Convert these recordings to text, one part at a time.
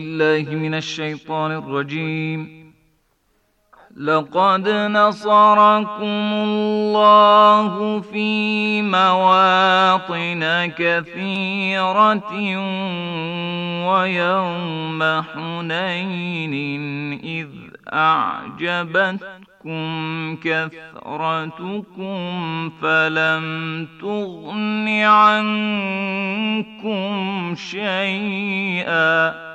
بالله من الشيطان الرجيم لقد نصركم الله في مواطن كثيرة ويوم حنين إذ أعجبتكم كثرتكم فلم تغن عنكم شيئا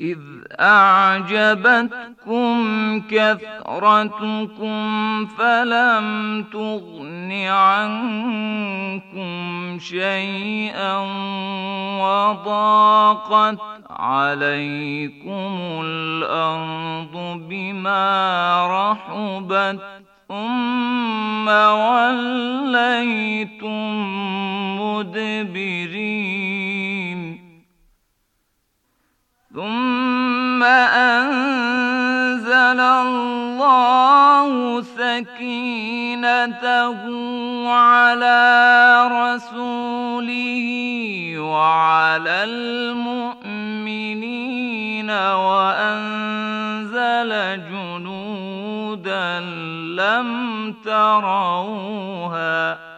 إذ أعجبتكم كثرتكم فلم تغن عنكم شيئا وضاقت عليكم الأرض بما رحبت ثم وليتم مدبرين ثم أنزل الله سكينته على رسوله وعلى المؤمنين وأنزل جنودا لم تروها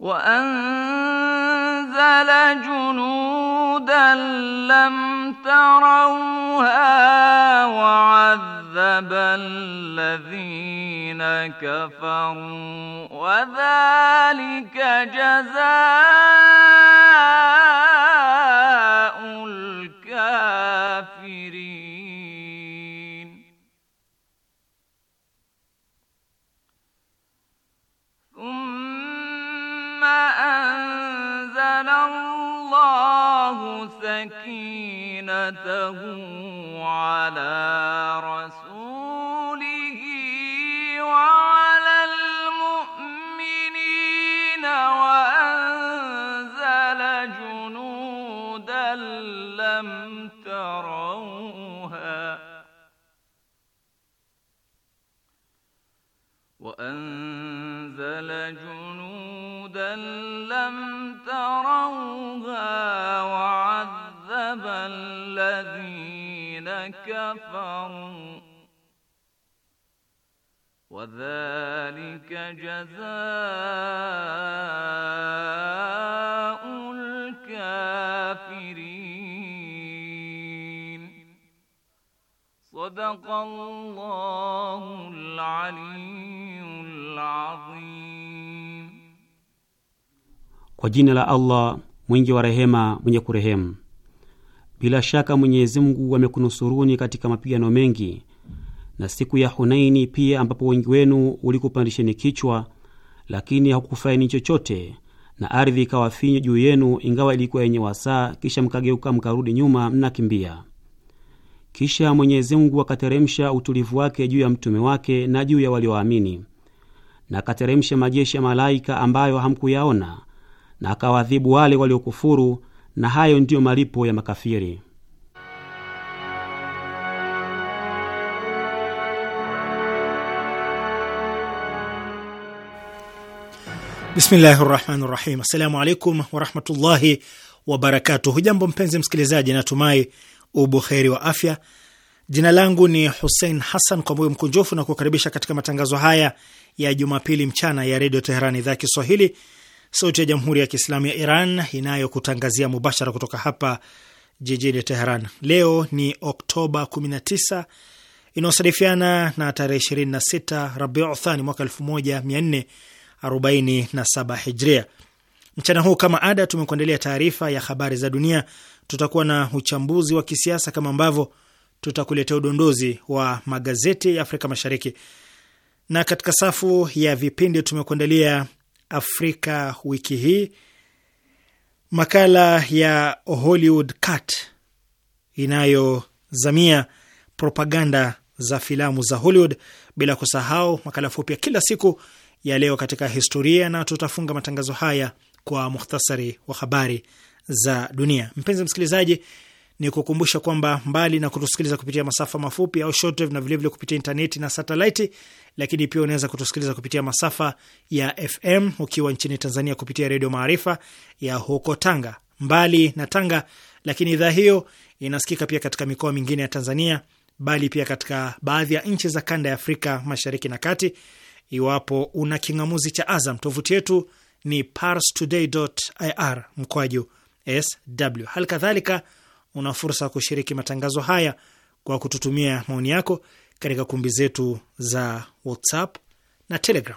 وأنزل جنودا لم تروها وعذب الذين كفروا وذلك جزاء سكينته على رسوله كفروا وذلك جزاء الكافرين صدق الله العلي Kwa jina la Allah mwingi wa rehema mwenye kurehemu. Bila shaka Mwenyezi Mungu amekunusuruni katika mapigano mengi, na siku ya Hunaini pia, ambapo wengi wenu ulikupandisheni kichwa, lakini hakukufaini chochote, na ardhi ikawa juu yenu, ingawa ilikuwa yenye wasaa, kisha mkageuka mkarudi nyuma mnakimbia. Kisha Mwenyezi Mungu akateremsha utulivu wake juu ya mtume wake na juu ya walioamini, na akateremsha majeshi ya malaika ambayo hamkuyaona, na akawadhibu wale waliokufuru na hayo ndiyo malipo ya makafiri. Bismillahi rahmani rahim. Assalamu alaikum warahmatullahi wabarakatuh. Hujambo mpenzi msikilizaji, natumai ubuheri wa afya. Jina langu ni Husein Hassan kwa moyo mkunjofu na kukaribisha katika matangazo haya ya Jumapili mchana ya Redio Teherani, idhaa ya Kiswahili, sauti ya jamhuri ya kiislamu ya Iran inayokutangazia mubashara kutoka hapa jijini Teheran. Leo ni Oktoba 19 inayosadifiana na tarehe 26 Rabiu Thani mwaka 1447 Hijria. Mchana huu kama ada, tumekuandalia taarifa ya habari za dunia, tutakuwa na uchambuzi wa kisiasa kama ambavyo tutakuletea udondozi wa magazeti ya Afrika Mashariki, na katika safu ya vipindi tumekuandalia Afrika wiki hii, makala ya Hollywood Cut inayozamia propaganda za filamu za Hollywood, bila kusahau makala fupi ya kila siku ya leo katika historia, na tutafunga matangazo haya kwa muhtasari wa habari za dunia. Mpenzi msikilizaji, ni kukumbusha kwamba mbali na kutusikiliza kupitia masafa mafupi au shortwave na vilevile kupitia intaneti na satelaiti, lakini pia unaweza kutusikiliza kupitia masafa ya FM ukiwa nchini Tanzania kupitia Redio Maarifa ya huko Tanga. Mbali na Tanga, lakini idhaa hiyo inasikika pia katika mikoa mingine ya Tanzania, bali pia katika baadhi ya nchi za kanda ya Afrika Mashariki na Kati. Iwapo una king'amuzi cha Azam, tovuti yetu ni parstoday.ir mkwaju sw. Hali kadhalika una fursa ya kushiriki matangazo haya kwa kututumia maoni yako katika kumbi zetu za WhatsApp na Telegram.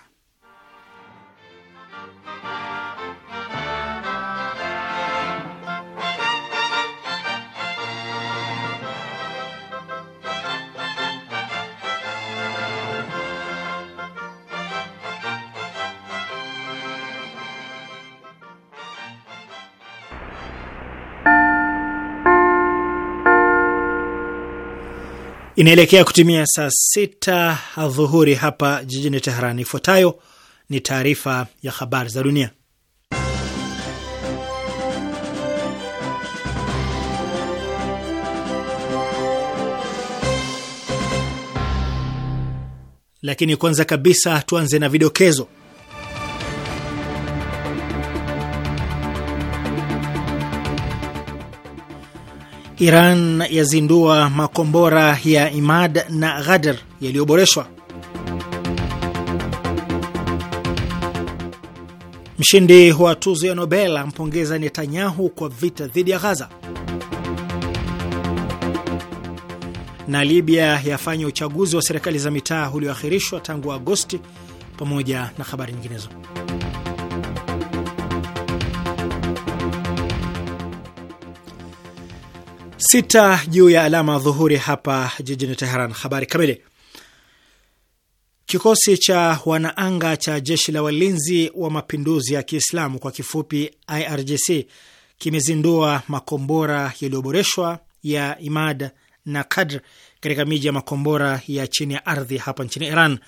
Inaelekea kutimia saa sita adhuhuri hapa jijini Teheran. Ifuatayo ni taarifa ya habari za dunia, lakini kwanza kabisa tuanze na vidokezo. Iran yazindua makombora ya Imad na ghadr yaliyoboreshwa. Mshindi wa tuzo ya Nobel ampongeza Netanyahu kwa vita dhidi ya Ghaza. Na Libya yafanya uchaguzi wa serikali za mitaa ulioahirishwa tangu Agosti, pamoja na habari nyinginezo. sita juu ya alama dhuhuri hapa jijini Teheran. Habari kamili. Kikosi cha wanaanga cha jeshi la walinzi wa mapinduzi ya Kiislamu kwa kifupi IRGC kimezindua makombora yaliyoboreshwa ya Imad na Kadr katika miji ya makombora ya chini ya ardhi hapa nchini Iran.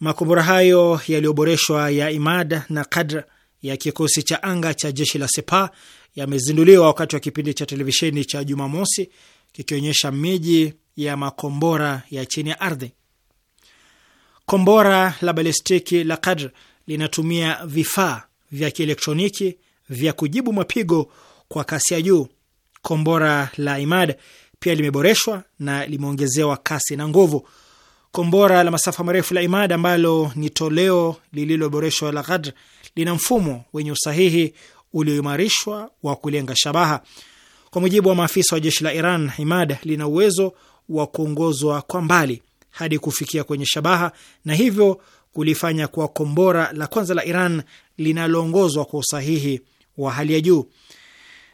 Makombora hayo yaliyoboreshwa ya Imad na Kadr ya kikosi cha anga cha jeshi la Sepa yamezinduliwa wakati wa kipindi cha televisheni cha Jumamosi kikionyesha miji ya makombora ya chini ya ardhi. Kombora la balistiki la Qadr linatumia vifaa vya kielektroniki vya kujibu mapigo kwa kasi ya juu. Kombora la Imad pia limeboreshwa na limeongezewa kasi na nguvu. Kombora la masafa marefu la Imad ambalo ni toleo lililoboreshwa la Qadr lina mfumo wenye usahihi ulioimarishwa wa kulenga shabaha. Kwa mujibu wa maafisa wa jeshi la Iran, Imad lina uwezo wa kuongozwa kwa mbali hadi kufikia kwenye shabaha na hivyo kulifanya kuwa kombora la kwanza la Iran linaloongozwa kwa usahihi wa hali ya juu.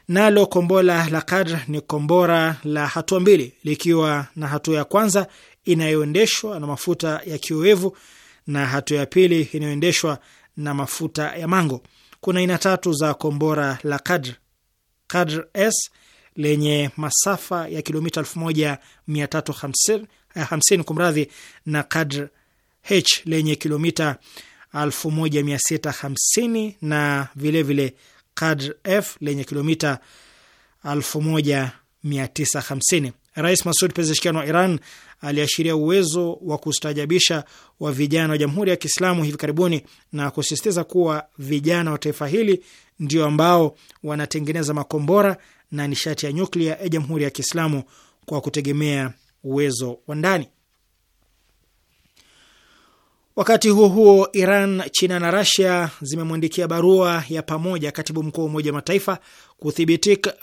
Nalo kombora la Kadr ni kombora la hatua mbili, likiwa na hatua ya kwanza inayoendeshwa na mafuta ya kiowevu na hatua ya pili inayoendeshwa na mafuta ya mango kuna aina tatu za kombora la Qadr: Qadr S lenye masafa ya kilomita 1350 eh, kumradhi, na Qadr H lenye kilomita 1650 na vilevile vile Qadr F lenye kilomita 1950. Rais Masud Pezeshkian wa Iran aliashiria uwezo wa kustajabisha wa vijana wa Jamhuri ya Kiislamu hivi karibuni na kusisitiza kuwa vijana wa taifa hili ndio ambao wanatengeneza makombora na nishati ya nyuklia ya Jamhuri ya Kiislamu kwa kutegemea uwezo wa ndani. Wakati huo huo, Iran, China na Rasia zimemwandikia barua ya pamoja katibu mkuu wa Umoja wa Mataifa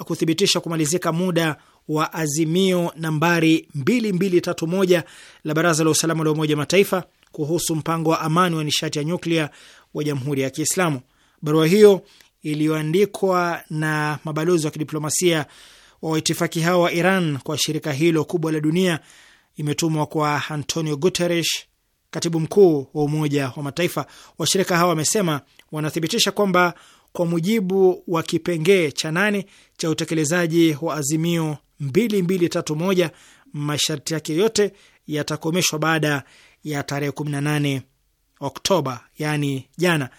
kuthibitisha kumalizika muda wa azimio nambari 2231 la Baraza la Usalama la Umoja Mataifa kuhusu mpango wa amani wa nishati ya nyuklia wa Jamhuri ya Kiislamu. Barua hiyo iliyoandikwa na mabalozi wa kidiplomasia wa waitifaki hao wa Iran kwa shirika hilo kubwa la dunia imetumwa kwa Antonio Guterres, katibu mkuu wa Umoja wa Mataifa. Washirika hao wamesema wanathibitisha kwamba kwa mujibu wa kipengee cha nane cha utekelezaji wa azimio 2231. Masharti yake yote yatakomeshwa baada ya tarehe 18 Oktoba, yani jana.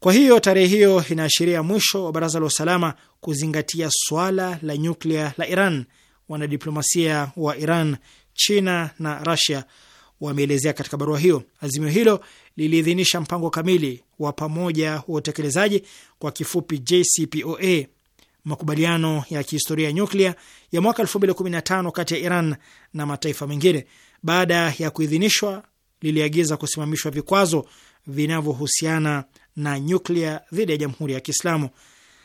Kwa hiyo tarehe hiyo inaashiria mwisho wa baraza la usalama kuzingatia swala la nyuklia la Iran. Wanadiplomasia wa Iran, China na Rasia wameelezea katika barua hiyo. Azimio hilo liliidhinisha mpango kamili wa pamoja wa utekelezaji, kwa kifupi JCPOA, makubaliano ya kihistoria ya nyuklia ya mwaka 2015 kati ya Iran na mataifa mengine. Baada ya kuidhinishwa, liliagiza kusimamishwa vikwazo vinavyohusiana na nyuklia dhidi ya Jamhuri ya Kiislamu.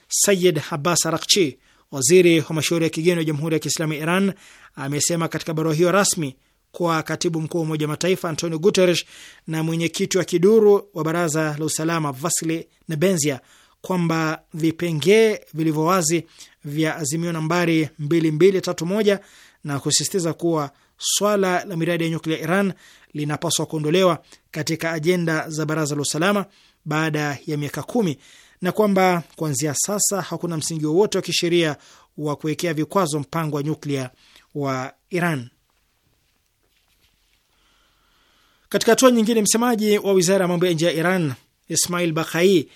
Sayid Abbas Arakchi, waziri wa mashauri ya kigeni wa Jamhuri ya Kiislamu ya Iran, amesema katika barua hiyo rasmi kwa katibu mkuu wa Umoja Mataifa Antonio Guterres na mwenyekiti wa kiduru wa Baraza la Usalama Vasili Nebenzia kwamba vipengee vilivyo wazi vya azimio nambari 2231 na kusisitiza kuwa swala la miradi ya nyuklia Iran linapaswa kuondolewa katika ajenda za Baraza la Usalama baada ya miaka kumi na kwamba kuanzia sasa hakuna msingi wowote wa kisheria wa kuwekea vikwazo mpango wa nyuklia wa Iran. Katika hatua nyingine, msemaji wa wizara ya mambo ya nje ya Iran Ismail Bakai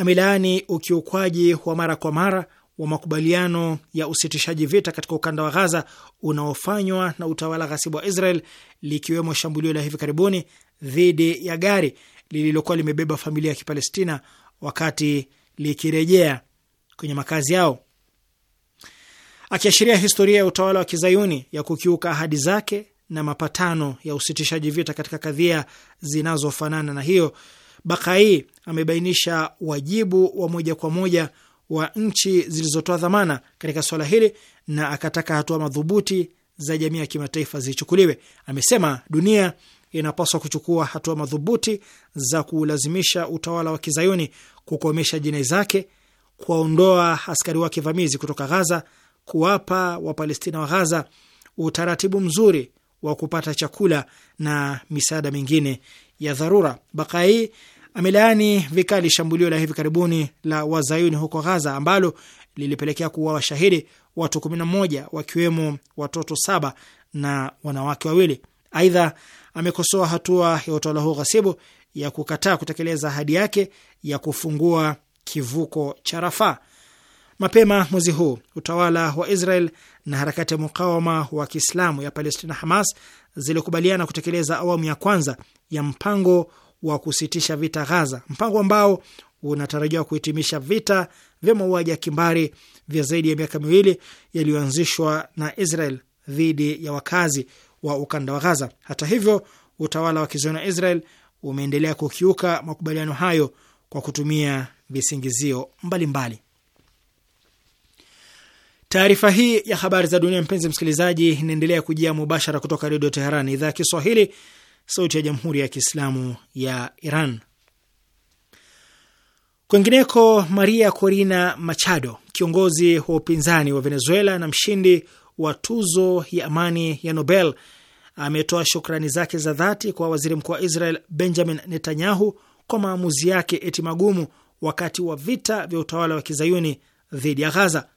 amelaani ukiukwaji wa mara kwa mara wa makubaliano ya usitishaji vita katika ukanda wa Ghaza unaofanywa na utawala ghasibu wa Israel, likiwemo shambulio la hivi karibuni dhidi ya gari lililokuwa limebeba familia ya Kipalestina wakati likirejea kwenye makazi yao, akiashiria historia ya utawala wa kizayuni ya kukiuka ahadi zake na mapatano ya usitishaji vita katika kadhia zinazofanana na hiyo. Bakai amebainisha wajibu wa moja kwa moja wa nchi zilizotoa dhamana katika swala hili na akataka hatua madhubuti za jamii ya kimataifa zichukuliwe. Amesema dunia inapaswa kuchukua hatua madhubuti za kuulazimisha utawala wa kizayuni kukomesha jinai zake, kuwaondoa askari wake vamizi kutoka Ghaza, kuwapa Wapalestina wa Ghaza utaratibu mzuri wa kupata chakula na misaada mingine ya dharura. Bakai amelaani vikali shambulio la hivi karibuni la wazayuni huko Ghaza ambalo lilipelekea kuwa washahidi watu kumi na moja wakiwemo watoto saba na wanawake wawili. Aidha, amekosoa hatua ya utawala huo ghasibu ya kukataa kutekeleza ahadi yake ya kufungua kivuko cha Rafaa. Mapema mwezi huu utawala wa Israel na harakati ya mukawama wa Kiislamu ya Palestina, Hamas, zilikubaliana kutekeleza awamu ya kwanza ya mpango wa kusitisha vita Ghaza, mpango ambao unatarajiwa kuhitimisha vita vya mauaji ya kimbari vya zaidi ya miaka miwili yaliyoanzishwa na Israel dhidi ya wakazi wa ukanda wa Ghaza. Hata hivyo, utawala wa kizayuni wa Israel umeendelea kukiuka makubaliano hayo kwa kutumia visingizio mbalimbali. Taarifa hii ya habari za dunia, mpenzi msikilizaji, inaendelea kujia mubashara kutoka Redio Teheran, idhaa ya Kiswahili, sauti ya jamhuri ya kiislamu ya Iran. Kwingineko, Maria Corina Machado, kiongozi wa upinzani wa Venezuela na mshindi wa tuzo ya amani ya Nobel, ametoa shukrani zake za dhati kwa waziri mkuu wa Israel Benjamin Netanyahu kwa maamuzi yake eti magumu wakati wa vita vya utawala wa kizayuni dhidi ya Ghaza.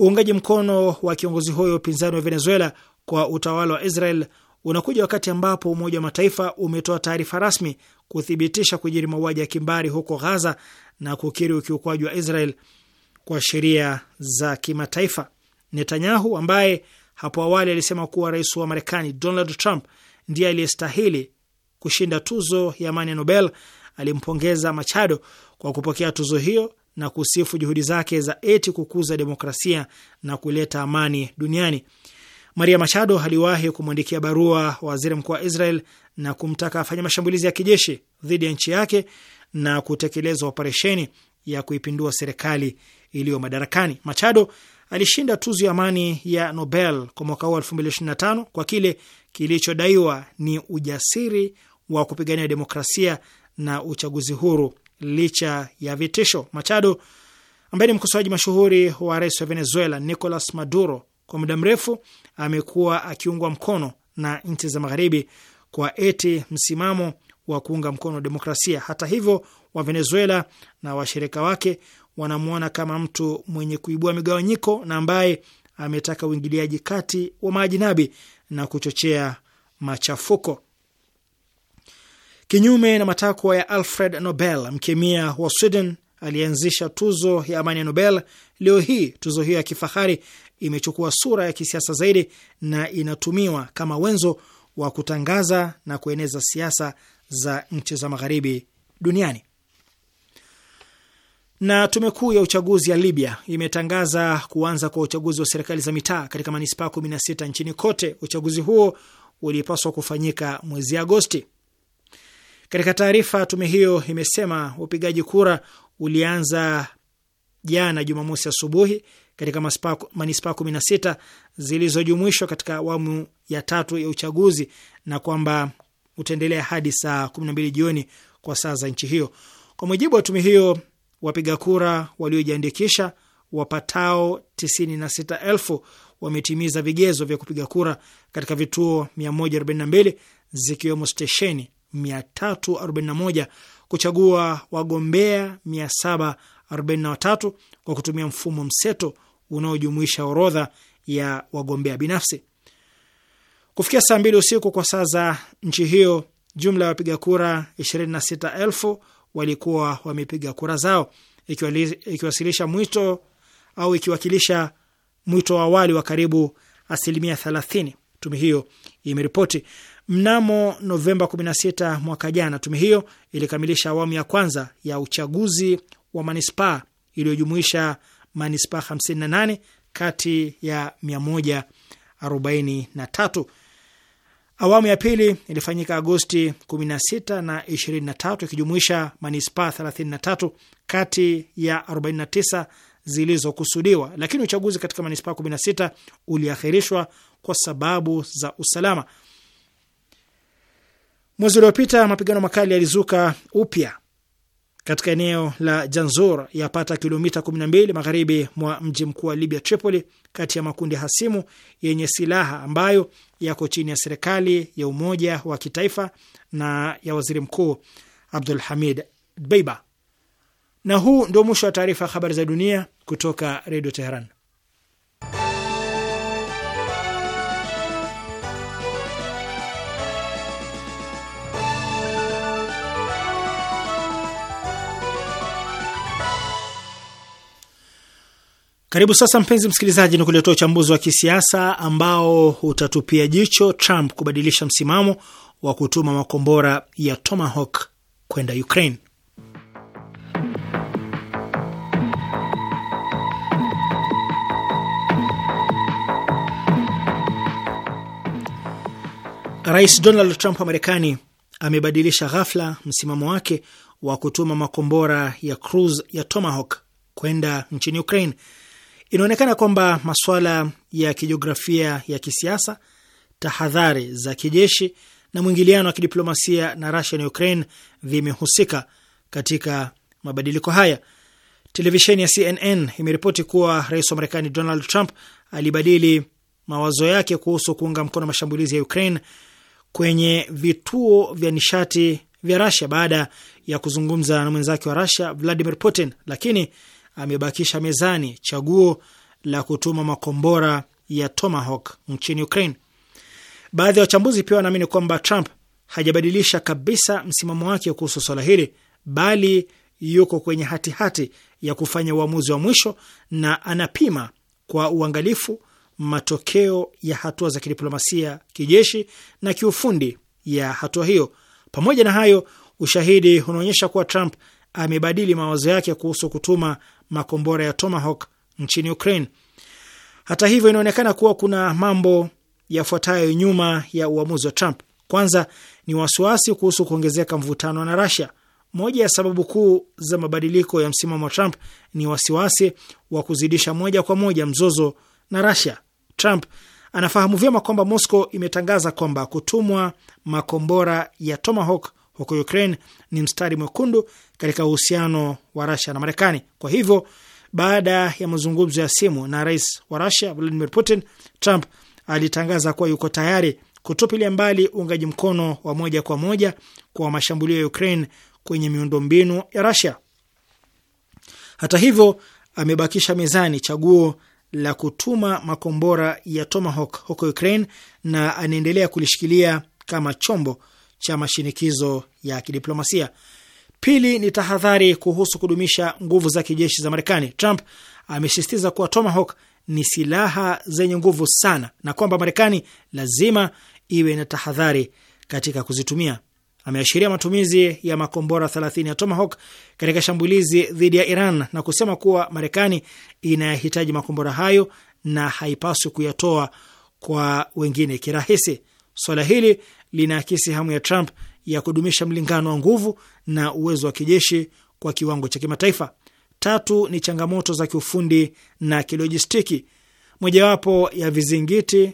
Uungaji mkono wa kiongozi huyo wa upinzani wa Venezuela kwa utawala wa Israel unakuja wakati ambapo Umoja wa Mataifa umetoa taarifa rasmi kuthibitisha kujiri mauaji ya kimbari huko Ghaza na kukiri ukiukwaji wa Israel kwa sheria za kimataifa. Netanyahu ambaye hapo awali alisema kuwa rais wa Marekani Donald Trump ndiye aliyestahili kushinda tuzo ya amani ya Nobel alimpongeza Machado kwa kupokea tuzo hiyo na kusifu juhudi zake za eti kukuza demokrasia na kuleta amani duniani. Maria Machado aliwahi kumwandikia barua waziri mkuu wa Israel na kumtaka afanye mashambulizi ya kijeshi dhidi ya nchi yake na kutekeleza operesheni ya kuipindua serikali iliyo madarakani. Machado alishinda tuzo ya amani ya Nobel kwa mwaka huu 2025 kwa kile kilichodaiwa ni ujasiri wa kupigania demokrasia na uchaguzi huru licha ya vitisho. Machado ambaye ni mkosoaji mashuhuri wa rais wa Venezuela Nicolas Maduro kwa muda mrefu amekuwa akiungwa mkono na nchi za magharibi kwa eti msimamo wa kuunga mkono demokrasia. Hata hivyo, wa Venezuela na washirika wake wanamwona kama mtu mwenye kuibua migawanyiko na ambaye ametaka uingiliaji kati wa maajinabi na kuchochea machafuko. Kinyume na matakwa ya Alfred Nobel, mkemia wa Sweden aliyeanzisha tuzo ya amani ya Nobel, leo hii tuzo hiyo ya kifahari imechukua sura ya kisiasa zaidi na inatumiwa kama wenzo wa kutangaza na kueneza siasa za nchi za magharibi duniani. Na tume kuu ya uchaguzi ya Libya imetangaza kuanza kwa uchaguzi wa serikali za mitaa katika manispaa sita nchini kote. Uchaguzi huo ulipaswa kufanyika mwezi Agosti. Katika taarifa, tume hiyo imesema upigaji kura ulianza jana Jumamosi asubuhi katika manispaa kumi na sita zilizojumuishwa katika awamu ya tatu ya uchaguzi na kwamba utaendelea hadi saa kumi na mbili jioni kwa saa za nchi hiyo. Kwa mujibu wa tume hiyo, wapiga kura waliojiandikisha wapatao tisini na sita elfu wametimiza vigezo vya kupiga kura katika vituo 142 zikiwemo stesheni 341 kuchagua wagombea 743 kwa kutumia mfumo mseto unaojumuisha orodha ya wagombea binafsi. Kufikia saa mbili usiku kwa saa za nchi hiyo, jumla ya wapiga kura 26,000 walikuwa wamepiga kura zao, ikiwasilisha mwito au ikiwakilisha mwito wa awali wa karibu asilimia 30, tume hiyo imeripoti. Mnamo Novemba 16 mwaka jana, tume hiyo ilikamilisha awamu ya kwanza ya uchaguzi wa manispaa iliyojumuisha manispaa 58 kati ya 143. Awamu ya pili ilifanyika Agosti 16 na 23, ikijumuisha manispaa 33 kati ya 49 zilizokusudiwa, lakini uchaguzi katika manispaa 16 uliahirishwa kwa sababu za usalama. Mwezi uliopita mapigano makali yalizuka upya katika eneo la Janzur yapata kilomita 12 magharibi mwa mji mkuu wa Libya, Tripoli, kati ya makundi hasimu yenye silaha ambayo yako chini ya serikali ya umoja wa kitaifa na ya waziri mkuu Abdul Hamid Dbeiba. Na huu ndio mwisho wa taarifa ya habari za dunia kutoka Redio Teheran. Karibu sasa, mpenzi msikilizaji, ni kuletea uchambuzi wa kisiasa ambao utatupia jicho Trump kubadilisha msimamo wa kutuma makombora ya Tomahawk kwenda Ukraine. Rais Donald Trump wa Marekani amebadilisha ghafla msimamo wake wa kutuma makombora ya cruise ya Tomahawk kwenda nchini Ukraine Inaonekana kwamba masuala ya kijiografia ya kisiasa, tahadhari za kijeshi na mwingiliano wa kidiplomasia na Rusia na Ukraine vimehusika katika mabadiliko haya. Televisheni ya CNN imeripoti kuwa rais wa Marekani Donald Trump alibadili mawazo yake kuhusu kuunga mkono mashambulizi ya Ukraine kwenye vituo vya nishati vya rasia baada ya kuzungumza na mwenzake wa rusia Vladimir Putin, lakini amebakisha mezani chaguo la kutuma makombora ya Tomahawk nchini Ukraine. Baadhi ya wachambuzi pia wanaamini kwamba Trump hajabadilisha kabisa msimamo wake kuhusu swala hili, bali yuko kwenye hatihati hati ya kufanya uamuzi wa mwisho na anapima kwa uangalifu matokeo ya hatua za kidiplomasia, kijeshi na kiufundi ya hatua hiyo. Pamoja na hayo, ushahidi unaonyesha kuwa Trump amebadili mawazo yake kuhusu kutuma makombora ya Tomahawk nchini Ukraine. Hata hivyo, inaonekana kuwa kuna mambo yafuatayo nyuma ya uamuzi wa Trump. Kwanza ni wasiwasi kuhusu kuongezeka mvutano na Russia. Moja ya sababu kuu za mabadiliko ya msimamo wa Trump ni wasiwasi wa kuzidisha moja kwa moja mzozo na Russia. Trump anafahamu vyema kwamba Moscow imetangaza kwamba kutumwa makombora ya Tomahawk huko Ukraine ni mstari mwekundu katika uhusiano wa rasia na Marekani. Kwa hivyo, baada ya mazungumzo ya simu na rais wa rasia Vladimir Putin, Trump alitangaza kuwa yuko tayari kutupilia mbali uungaji mkono wa moja kwa moja kwa mashambulio ya Ukraine kwenye miundombinu ya rasia Hata hivyo, amebakisha mezani chaguo la kutuma makombora ya Tomahawk huko Ukraine na anaendelea kulishikilia kama chombo cha mashinikizo ya kidiplomasia. Pili ni tahadhari kuhusu kudumisha nguvu za kijeshi za Marekani. Trump amesisitiza kuwa Tomahawk ni silaha zenye nguvu sana na kwamba Marekani lazima iwe na tahadhari katika kuzitumia. Ameashiria matumizi ya makombora 30 ya Tomahawk katika shambulizi dhidi ya Iran na kusema kuwa Marekani inayahitaji makombora hayo na haipaswi kuyatoa kwa wengine kirahisi. Swala hili linaakisi hamu ya Trump ya kudumisha mlingano wa nguvu na uwezo wa kijeshi kwa kiwango cha kimataifa. Tatu ni changamoto za kiufundi na kilojistiki. Mojawapo ya vizingiti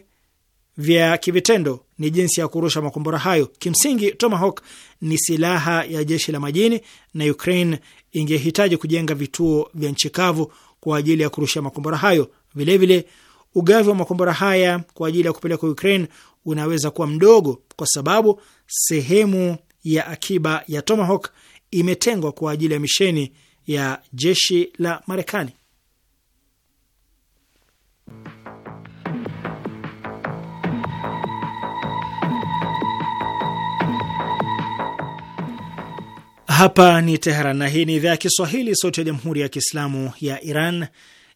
vya kivitendo ni jinsi ya kurusha makombora hayo. Kimsingi, Tomahawk ni silaha ya jeshi la majini na Ukraine ingehitaji kujenga vituo vya nchi kavu kwa ajili ya kurusha makombora hayo. Vilevile, ugavi wa makombora haya kwa ajili ya kupelekwa Ukraine unaweza kuwa mdogo kwa sababu sehemu ya akiba ya Tomahawk imetengwa kwa ajili ya misheni ya jeshi la Marekani. Hapa ni Teheran na hii ni idhaa ya Kiswahili, sauti ya jamhuri ya kiislamu ya Iran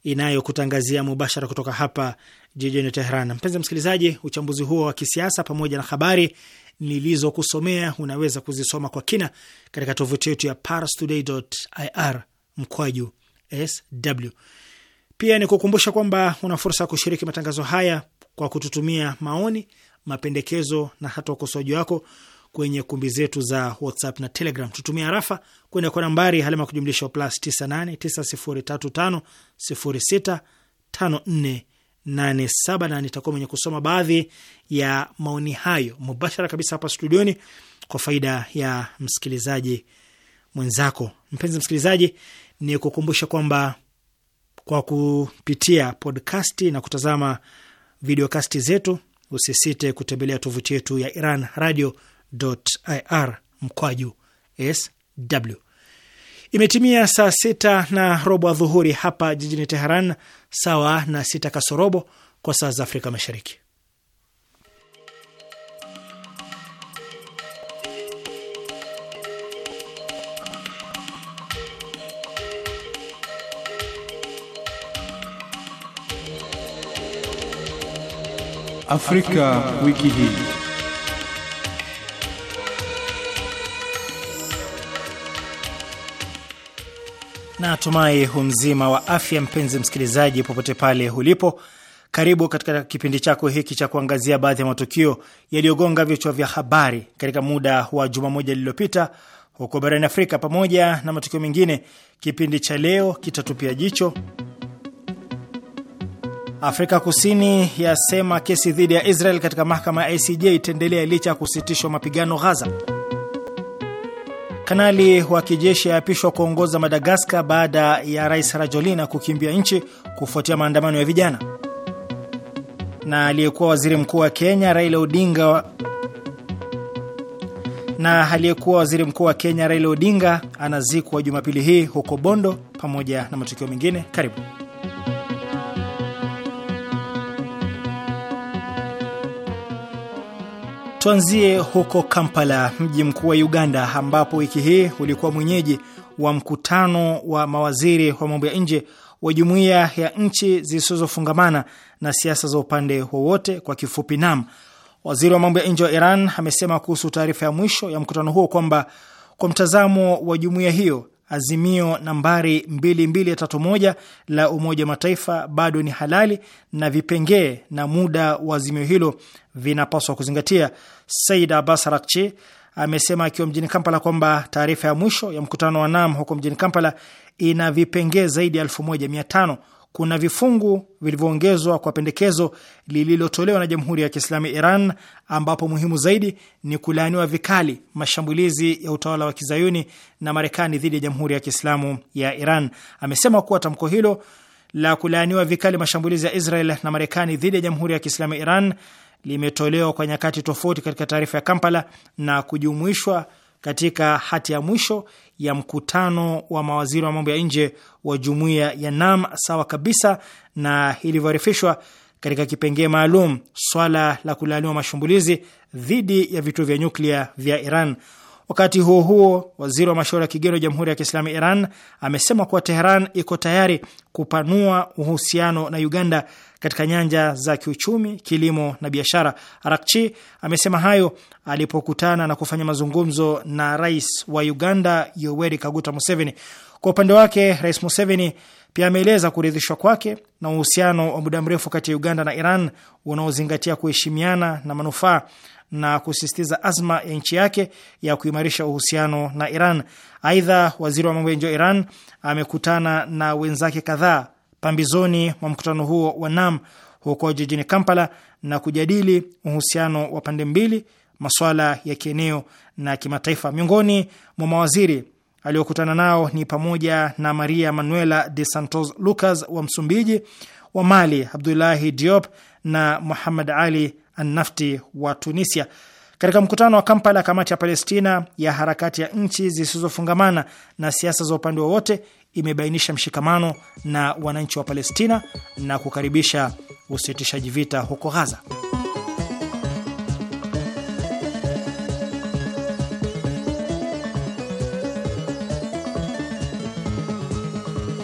inayokutangazia mubashara kutoka hapa jijini Tehran. Mpenzi msikilizaji, uchambuzi huo wa kisiasa pamoja na habari nilizokusomea unaweza kuzisoma kwa kina katika tovuti yetu ya parstoday.ir mkwaju sw. Pia ni kukumbusha kwamba una fursa ya kushiriki matangazo haya kwa kututumia maoni, mapendekezo na hata ukosoaji wako kwenye kumbi zetu za WhatsApp na Telegram. Tutumia rafa kwenda kwa nambari halima kujumlisha plus 98 90350654 87 na nitakuwa mwenye kusoma baadhi ya maoni hayo mubashara kabisa hapa studioni kwa faida ya msikilizaji mwenzako. Mpenzi msikilizaji, ni kukumbusha kwamba kwa kupitia podkasti na kutazama videokasti zetu usisite kutembelea tovuti yetu ya Iran radio ir mkwaju sw Imetimia saa sita na robo adhuhuri hapa jijini Teheran, sawa na sita kasorobo kwa saa za Afrika Mashariki. Afrika, Afrika. Wiki hii na atumai humzima wa afya. Mpenzi msikilizaji, popote pale ulipo, karibu katika kipindi chako hiki cha kuangazia baadhi ya matukio yaliyogonga vichwa vya habari katika muda wa juma moja lililopita huko barani Afrika. Pamoja na matukio mengine, kipindi cha leo kitatupia jicho Afrika Kusini yasema kesi dhidi ya Israel katika mahakama ya ICJ itaendelea licha ya kusitishwa mapigano Ghaza. Kanali wa kijeshi aapishwa kuongoza Madagaskar baada ya Rais Rajolina kukimbia nchi kufuatia maandamano ya vijana. Na aliyekuwa waziri mkuu wa Kenya Raila Odinga wa... na aliyekuwa waziri mkuu wa Kenya Raila Odinga anazikwa Jumapili hii huko Bondo, pamoja na matukio mengine. Karibu. Tuanzie huko Kampala, mji mkuu wa Uganda, ambapo wiki hii ulikuwa mwenyeji wa mkutano wa mawaziri wa mambo ya nje wa jumuiya ya nchi zisizofungamana na siasa za upande wowote, kwa kifupi NAM. Waziri wa mambo ya nje wa Iran amesema kuhusu taarifa ya mwisho ya mkutano huo kwamba kwa mtazamo wa jumuiya hiyo azimio nambari 2231 la Umoja Mataifa bado ni halali na vipengee na muda wa azimio hilo vinapaswa kuzingatia. Said Abbas Rakchi amesema akiwa mjini Kampala kwamba taarifa ya mwisho ya mkutano wa NAM huko mjini Kampala ina vipengee zaidi ya tano. Kuna vifungu vilivyoongezwa kwa pendekezo lililotolewa na Jamhuri ya Kiislamu ya Iran, ambapo muhimu zaidi ni kulaaniwa vikali mashambulizi ya utawala wa kizayuni na Marekani dhidi ya Jamhuri ya Kiislamu ya Iran. Amesema kuwa tamko hilo la kulaaniwa vikali mashambulizi ya Israel na Marekani dhidi ya Jamhuri ya Kiislamu ya Iran limetolewa kwa nyakati tofauti katika taarifa ya Kampala na kujumuishwa katika hati ya mwisho ya mkutano wa mawaziri wa mambo ya nje wa jumuiya ya NAM sawa kabisa na ilivyoarifishwa katika kipengee maalum swala la kulaaniwa mashambulizi dhidi ya vituo vya nyuklia vya Iran. Wakati huo huo, waziri wa mashauri ya kigeni wa Jamhuri ya Kiislamu Iran amesema kuwa Teheran iko tayari kupanua uhusiano na Uganda katika nyanja za kiuchumi, kilimo na biashara. Arakchi amesema hayo alipokutana na kufanya mazungumzo na rais wa Uganda Yoweri Kaguta Museveni. Kwa upande wake, Rais Museveni pia ameeleza kuridhishwa kwake na uhusiano wa muda mrefu kati ya Uganda na Iran unaozingatia kuheshimiana na manufaa na kusisitiza azma ya nchi yake ya kuimarisha uhusiano na Iran. Aidha, waziri wa mambo ya nje wa Iran amekutana na wenzake kadhaa pambizoni mwa mkutano huo wa NAM huko jijini Kampala na kujadili uhusiano wa pande mbili, masuala ya kieneo na kimataifa. Miongoni mwa mawaziri aliokutana nao ni pamoja na Maria Manuela de Santos Lucas wa Msumbiji, wa Mali Abdulahi Diop na Muhammad Ali Annafti wa Tunisia. Katika mkutano wa Kampala ya kamati ya Palestina ya harakati ya nchi zisizofungamana na siasa za upande wowote imebainisha mshikamano na wananchi wa Palestina na kukaribisha usitishaji vita huko Gaza.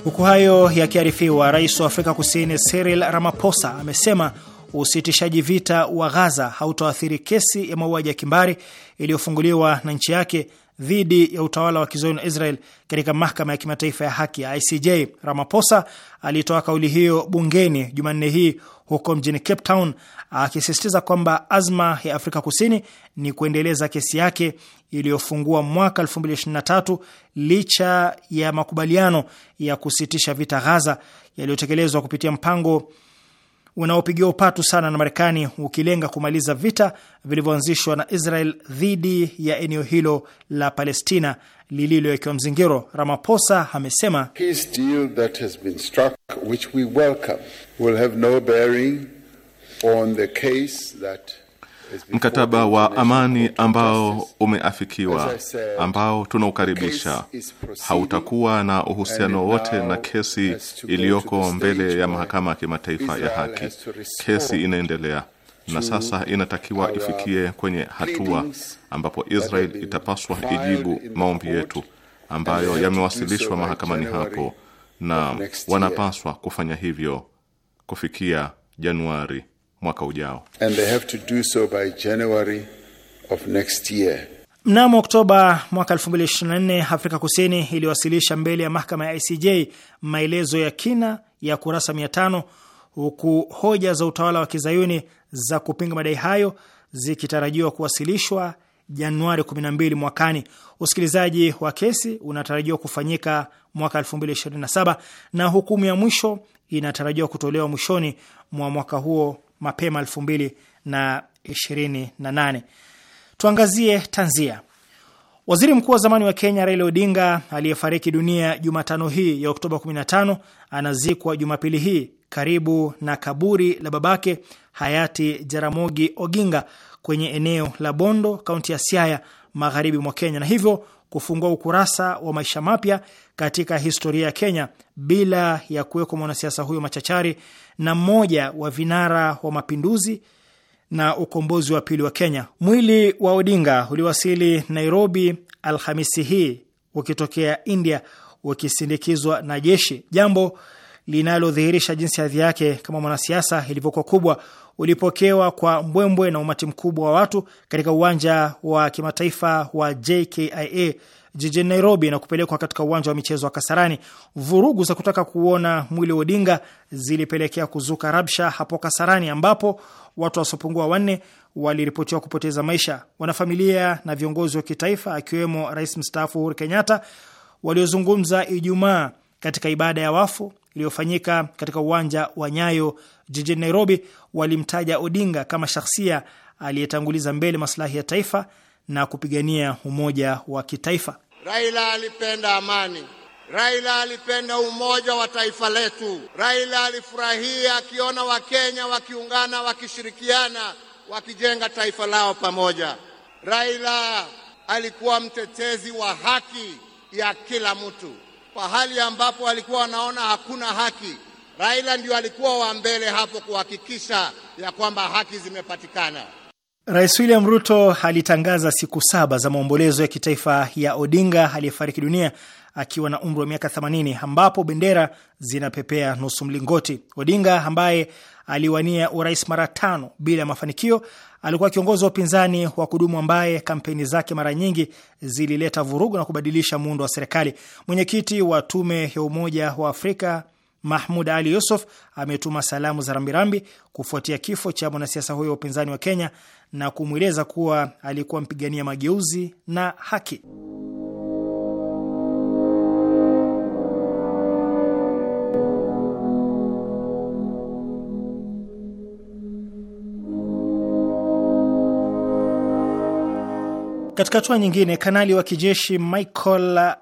Huku hayo yakiarifiwa, rais wa Afrika Kusini Cyril Ramaphosa amesema usitishaji vita wa Ghaza hautoathiri kesi ya mauaji ya kimbari iliyofunguliwa na nchi yake dhidi ya utawala wa kizayuni Israel katika mahakama ya kimataifa ya haki ya ICJ. Ramaphosa alitoa kauli hiyo bungeni Jumanne hii huko mjini Cape Town, akisisitiza kwamba azma ya Afrika Kusini ni kuendeleza kesi yake iliyofungua mwaka 2023 licha ya makubaliano ya kusitisha vita Ghaza yaliyotekelezwa kupitia mpango unaopigiwa upatu sana na Marekani ukilenga kumaliza vita vilivyoanzishwa na Israel dhidi ya eneo hilo la Palestina lililowekewa mzingiro. Ramaphosa amesema no Mkataba wa amani ambao umeafikiwa, ambao tunaukaribisha, hautakuwa na uhusiano wote na kesi iliyoko mbele ya mahakama ya kimataifa ya haki. Kesi inaendelea na sasa inatakiwa ifikie kwenye hatua ambapo Israel itapaswa ijibu maombi yetu ambayo yamewasilishwa mahakamani hapo, na wanapaswa kufanya hivyo kufikia Januari mwaka ujao. And they have to do so by January of next year. Mnamo Oktoba mwaka 2024 Afrika Kusini iliwasilisha mbele ya mahakama ya ICJ maelezo ya kina ya kurasa 500 huku hoja za utawala wa kizayuni za kupinga madai hayo zikitarajiwa kuwasilishwa Januari 12 mwakani. Usikilizaji wa kesi unatarajiwa kufanyika mwaka 2027 na hukumu ya mwisho inatarajiwa kutolewa mwishoni mwa mwaka huo mapema nane. Tuangazie tanzia. Waziri mkuu wa zamani wa Kenya Raila Odinga aliyefariki dunia Jumatano hii ya Oktoba 15 anazikwa Jumapili hii karibu na kaburi la babake hayati Jaramogi Oginga kwenye eneo la Bondo, kaunti ya Siaya, magharibi mwa Kenya, na hivyo kufungua ukurasa wa maisha mapya katika historia ya Kenya bila ya kuwekwa mwanasiasa huyo machachari na mmoja wa vinara wa mapinduzi na ukombozi wa pili wa Kenya. Mwili wa Odinga uliwasili Nairobi Alhamisi hii ukitokea India ukisindikizwa na jeshi, jambo linalodhihirisha jinsi hadhi yake kama mwanasiasa ilivyokuwa kubwa ulipokewa kwa mbwembwe na umati mkubwa wa watu katika uwanja wa kimataifa wa JKIA jijini Nairobi na kupelekwa katika uwanja wa michezo wa Kasarani. Vurugu za kutaka kuona mwili wa Odinga zilipelekea kuzuka rabsha hapo Kasarani, ambapo watu wasiopungua wanne waliripotiwa kupoteza maisha. Wanafamilia na viongozi wa kitaifa akiwemo rais mstaafu Uhuru Kenyatta waliozungumza Ijumaa katika ibada ya wafu iliyofanyika katika uwanja wa Nyayo jijini Nairobi, walimtaja Odinga kama shahsia aliyetanguliza mbele maslahi ya taifa na kupigania umoja wa kitaifa. Raila alipenda amani. Raila alipenda umoja wa taifa letu. Raila alifurahia akiona Wakenya wakiungana, wakishirikiana, wakijenga taifa lao pamoja. Raila alikuwa mtetezi wa haki ya kila mtu pahali ambapo walikuwa wanaona hakuna haki, Raila ndio alikuwa wa mbele hapo kuhakikisha ya kwamba haki zimepatikana. Rais William Ruto alitangaza siku saba za maombolezo ya kitaifa ya Odinga aliyefariki dunia akiwa na umri wa miaka 80 ambapo bendera zinapepea nusu mlingoti. Odinga ambaye aliwania urais mara tano bila ya mafanikio, Alikuwa kiongozi wa upinzani wa kudumu ambaye kampeni zake mara nyingi zilileta vurugu na kubadilisha muundo wa serikali. Mwenyekiti wa tume ya Umoja wa Afrika Mahmud Ali Yusuf ametuma salamu za rambirambi kufuatia kifo cha mwanasiasa huyo wa upinzani wa Kenya na kumweleza kuwa alikuwa mpigania mageuzi na haki. Katika hatua nyingine, kanali wa kijeshi Michael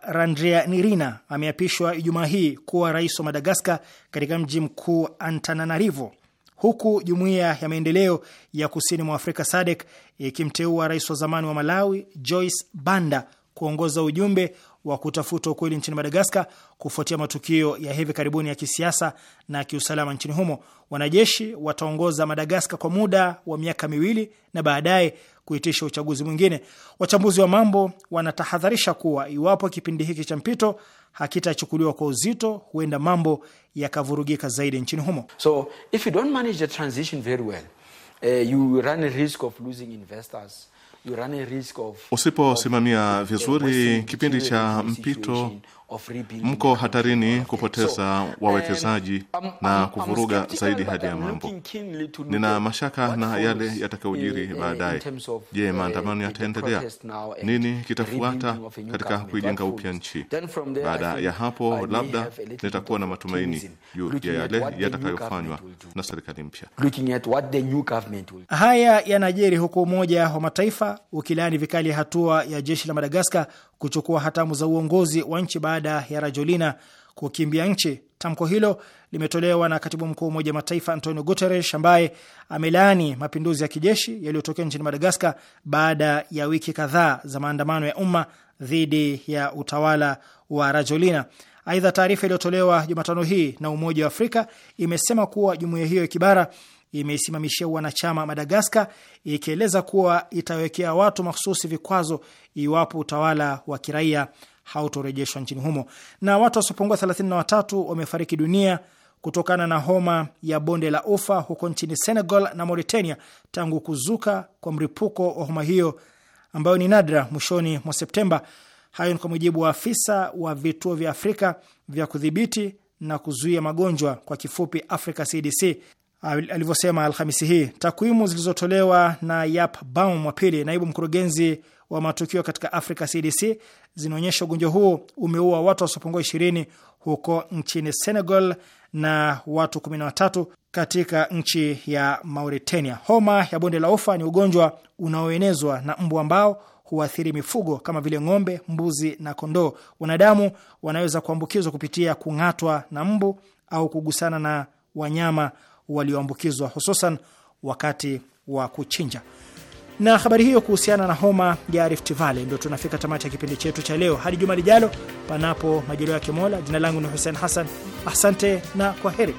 Nirina ameapishwa Ijumaa hii kuwa rais wa Madagaskar katika mji mkuu Antananarivo, huku jumuiya ya maendeleo ya kusini mwa Afrika SADC ikimteua rais wa zamani wa Malawi Joyce Banda kuongoza ujumbe wa kutafuta ukweli nchini Madagaskar kufuatia matukio ya hivi karibuni ya kisiasa na kiusalama nchini humo. Wanajeshi wataongoza Madagaskar kwa muda wa miaka miwili na baadaye kuitisha uchaguzi mwingine. Wachambuzi wa mambo wanatahadharisha kuwa iwapo kipindi hiki cha mpito hakitachukuliwa kwa uzito, huenda mambo yakavurugika zaidi nchini humo. So if you don't manage the transition very well, uh, you run a risk of losing investors Usiposimamia vizuri kipindi cha mpito mko hatarini kupoteza wawekezaji na kuvuruga zaidi hali ya mambo. Nina mashaka na yale yatakayojiri eh, eh, baadaye. Je, eh, maandamano yataendelea? Nini kitafuata katika kuijenga upya nchi? Baada ya hapo, labda nitakuwa na matumaini juu ya yale yatakayofanywa na serikali mpya. Haya yanajiri huku Umoja wa Mataifa ukilaani vikali hatua ya jeshi la Madagaskar kuchukua hatamu za uongozi wa nchi baada baada ya Rajolina kukimbia nchi. Tamko hilo limetolewa na katibu mkuu wa Umoja wa Mataifa Antonio Guterres, ambaye amelaani mapinduzi ya kijeshi yaliyotokea nchini Madagaskar baada ya wiki kadhaa za maandamano ya umma dhidi ya utawala wa Rajolina. Aidha, taarifa iliyotolewa Jumatano hii na Umoja wa Afrika imesema kuwa jumuiya hiyo ya kibara imeisimamishia wanachama Madagaskar, ikieleza kuwa itawekea watu mahsusi vikwazo iwapo utawala wa kiraia hautorejeshwa nchini humo. Na watu wasiopungua 33 wamefariki dunia kutokana na homa ya bonde la ufa huko nchini Senegal na Mauritania tangu kuzuka kwa mripuko wa homa hiyo ambayo ni nadra mwishoni mwa Septemba. Hayo ni kwa mujibu wa afisa wa vituo vya Afrika vya kudhibiti na kuzuia magonjwa kwa kifupi Africa CDC alivyosema Alhamisi hii. Takwimu zilizotolewa na Yap Baum wa pili, naibu mkurugenzi wa matukio katika Africa CDC zinaonyesha ugonjwa huo umeua watu wasiopungua ishirini huko nchini Senegal na watu kumi na watatu katika nchi ya Mauritania. Homa ya bonde la ufa ni ugonjwa unaoenezwa na mbu ambao huathiri mifugo kama vile ng'ombe, mbuzi na kondoo. Wanadamu wanaweza kuambukizwa kupitia kung'atwa na mbu au kugusana na wanyama walioambukizwa, hususan wakati wa kuchinja. Na habari hiyo kuhusiana na homa ya Rift Valley ndio tunafika tamati ya kipindi chetu cha leo. Hadi juma lijalo, panapo majaliwa ya Kimola. Jina langu ni Hussein Hassan, asante na kwa heri.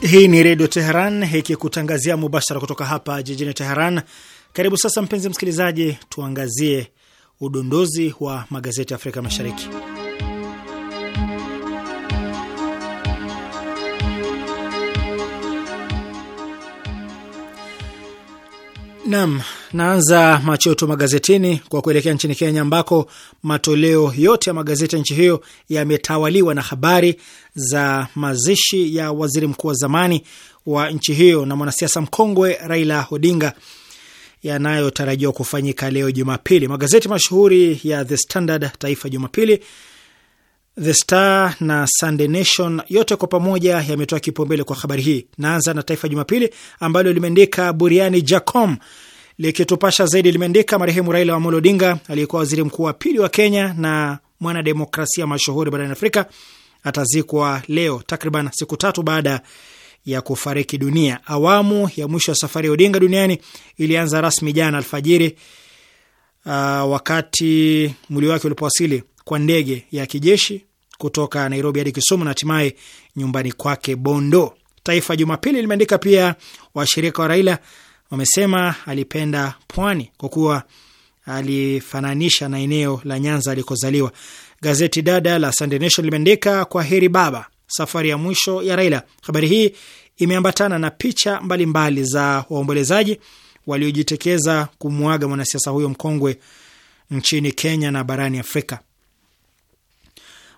Hii ni Redio Teheran ikikutangazia mubashara kutoka hapa jijini Teheran. Karibu sasa, mpenzi msikilizaji, tuangazie udondozi wa magazeti ya Afrika Mashariki. Nam, naanza macho yetu magazetini kwa kuelekea nchini Kenya, ambako matoleo yote ya magazeti ya nchi hiyo yametawaliwa na habari za mazishi ya waziri mkuu wa zamani wa nchi hiyo na mwanasiasa mkongwe Raila Odinga yanayotarajiwa kufanyika leo Jumapili. Magazeti mashuhuri ya The Standard, Taifa Jumapili, The Star na Sunday Nation yote kwa pamoja yametoa kipaumbele kwa habari hii. Naanza na Taifa Jumapili ambalo limeandika buriani Jacom. Likitupasha zaidi, limeandika marehemu Raila Amolo Odinga aliyekuwa waziri mkuu wa pili wa Kenya na mwanademokrasia mashuhuri barani Afrika atazikwa leo takriban siku tatu baada ya kufariki dunia. Awamu ya mwisho ya safari ya Odinga duniani ilianza rasmi jana alfajiri, uh, wakati mwili wake ulipowasili kwa ndege ya kijeshi kutoka Nairobi hadi Kisumu na hatimaye nyumbani kwake Bondo. Taifa Jumapili limeandika pia washirika wa Raila wamesema alipenda pwani kwa kuwa alifananisha na eneo la Nyanza alikozaliwa. Gazeti dada la Sunday Nation limeandika kwa heri baba, safari ya mwisho ya Raila. Habari hii imeambatana na picha mbalimbali mbali za waombolezaji waliojitekeza kumwaga mwanasiasa huyo mkongwe nchini Kenya na barani Afrika.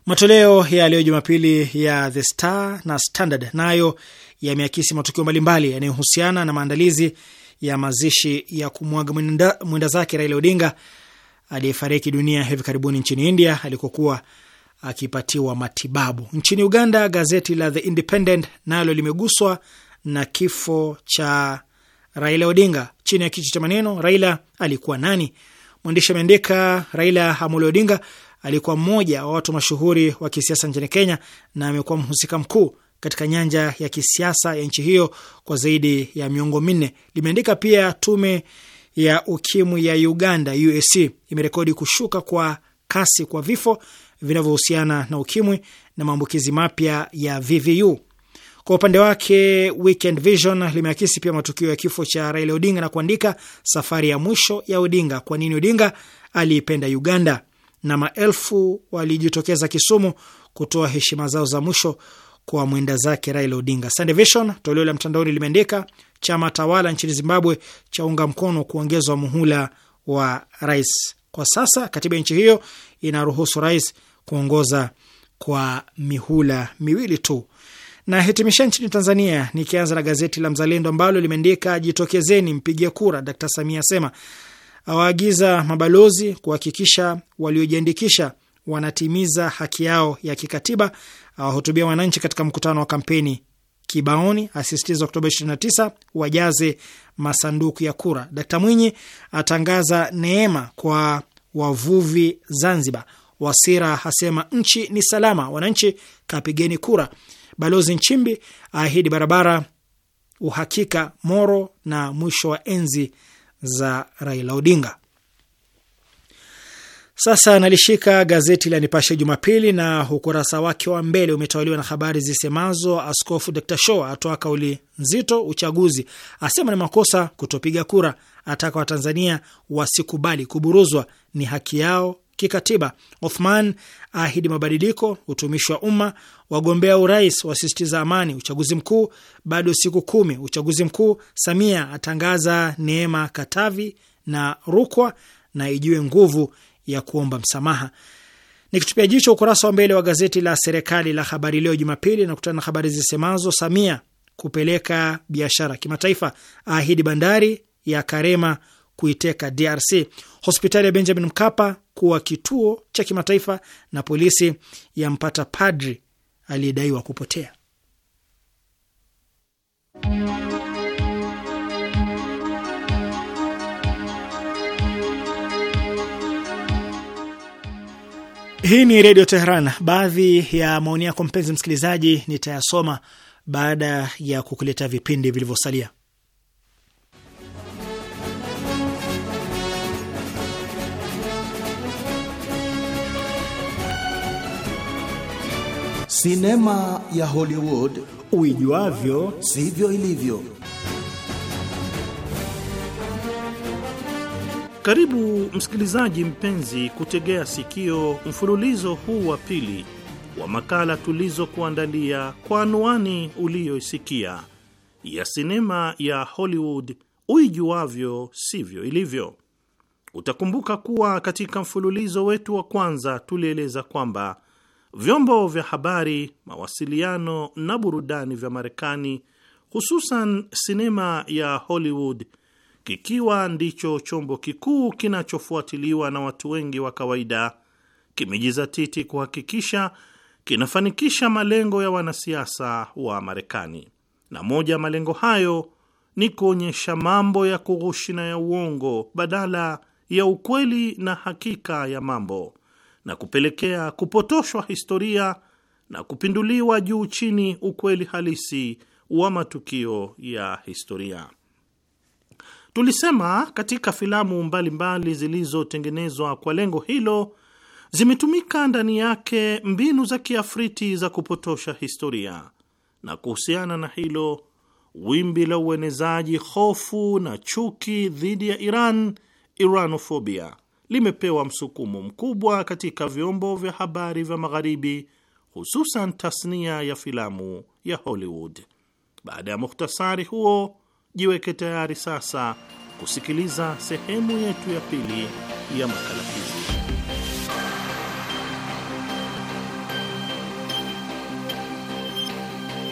Matoleo ya leo Jumapili ya The Star na Standard nayo yameakisi matukio mbalimbali yanayohusiana na maandalizi ya mazishi ya kumwaga mwenda, mwenda zake Raila Odinga aliyefariki dunia hivi karibuni nchini India alikokuwa akipatiwa matibabu. Nchini Uganda, gazeti la The Independent nalo limeguswa na kifo cha Raila Odinga chini ya kichwa cha maneno Raila alikuwa nani? Mwandishi ameandika Raila Amolo Odinga alikuwa mmoja wa watu mashuhuri wa kisiasa nchini Kenya na amekuwa mhusika mkuu katika nyanja ya kisiasa ya nchi hiyo kwa zaidi ya miongo minne. Limeandika pia tume ya ukimwi ya Uganda, UAC, imerekodi kushuka kwa kasi kwa vifo vinavyohusiana na ukimwi na maambukizi mapya ya VVU. Kwa upande wake Weekend Vision limeakisi pia matukio ya kifo cha Raila Odinga na kuandika safari ya mwisho ya Odinga, kwa nini Odinga aliipenda Uganda, na maelfu walijitokeza Kisumu kutoa heshima zao za mwisho kwa mwenda zake Raila Odinga. Sunday Vision toleo la mtandaoni limeandika chama tawala nchini Zimbabwe chaunga mkono kuongezwa muhula wa rais. Kwa sasa katiba ya nchi hiyo inaruhusu rais kuongoza kwa mihula miwili tu. Na hitimisha nchini Tanzania, nikianza na gazeti la Mzalendo ambalo limeandika jitokezeni, mpige kura, Dkt Samia asema, awaagiza mabalozi kuhakikisha waliojiandikisha wanatimiza haki yao ya kikatiba, awahutubia wananchi katika mkutano wa kampeni Kibaoni, asisitiza Oktoba 29 wajaze masanduku ya kura. Dkt Mwinyi atangaza neema kwa wavuvi Zanzibar. Wasira asema nchi ni salama, wananchi kapigeni kura. Balozi Nchimbi aahidi barabara uhakika Moro na mwisho wa enzi za Raila Odinga. Sasa nalishika gazeti la Nipashe Jumapili na ukurasa wake wa mbele umetawaliwa na habari zisemazo: Askofu Dr Show atoa kauli nzito uchaguzi, asema ni makosa kutopiga kura, ataka Watanzania wasikubali kuburuzwa, ni haki yao kikatiba. Othman ahidi mabadiliko, utumishi wa umma, wagombea urais wasisitiza amani, uchaguzi mkuu bado siku kumi, uchaguzi mkuu, Samia atangaza neema Katavi na Rukwa, na ijue nguvu ya kuomba msamaha. Nikitupia jicho ukurasa wa mbele wa gazeti la serikali la Habari Leo Jumapili, nakutana na habari zisemazo: Samia kupeleka biashara kimataifa, ahidi bandari ya Karema kuiteka DRC, hospitali ya Benjamin Mkapa kuwa kituo cha kimataifa na polisi yampata padri aliyedaiwa kupotea. Hii ni Redio Teheran. Baadhi ya maoni yako mpenzi msikilizaji, nitayasoma baada ya kukuleta vipindi vilivyosalia. Sinema ya Hollywood uijuavyo sivyo ilivyo. Karibu msikilizaji mpenzi, kutegea sikio mfululizo huu wa pili wa makala tulizokuandalia kwa anwani uliyoisikia ya sinema ya Hollywood uijuavyo sivyo ilivyo. Utakumbuka kuwa katika mfululizo wetu wa kwanza tulieleza kwamba vyombo vya habari, mawasiliano na burudani vya Marekani, hususan sinema ya Hollywood kikiwa ndicho chombo kikuu kinachofuatiliwa na watu wengi wa kawaida, kimejizatiti kuhakikisha kinafanikisha malengo ya wanasiasa wa Marekani, na moja ya malengo hayo ni kuonyesha mambo ya kughushi na ya uongo badala ya ukweli na hakika ya mambo na kupelekea kupotoshwa historia na kupinduliwa juu chini ukweli halisi wa matukio ya historia. Tulisema katika filamu mbalimbali zilizotengenezwa kwa lengo hilo zimetumika ndani yake mbinu za kiafriti za kupotosha historia. Na kuhusiana na hilo, wimbi la uenezaji hofu na chuki dhidi ya Iran, Iranofobia, limepewa msukumo mkubwa katika vyombo vya habari vya Magharibi, hususan tasnia ya filamu ya Hollywood. Baada ya muhtasari huo, jiweke tayari sasa kusikiliza sehemu yetu ya pili ya makala hizi.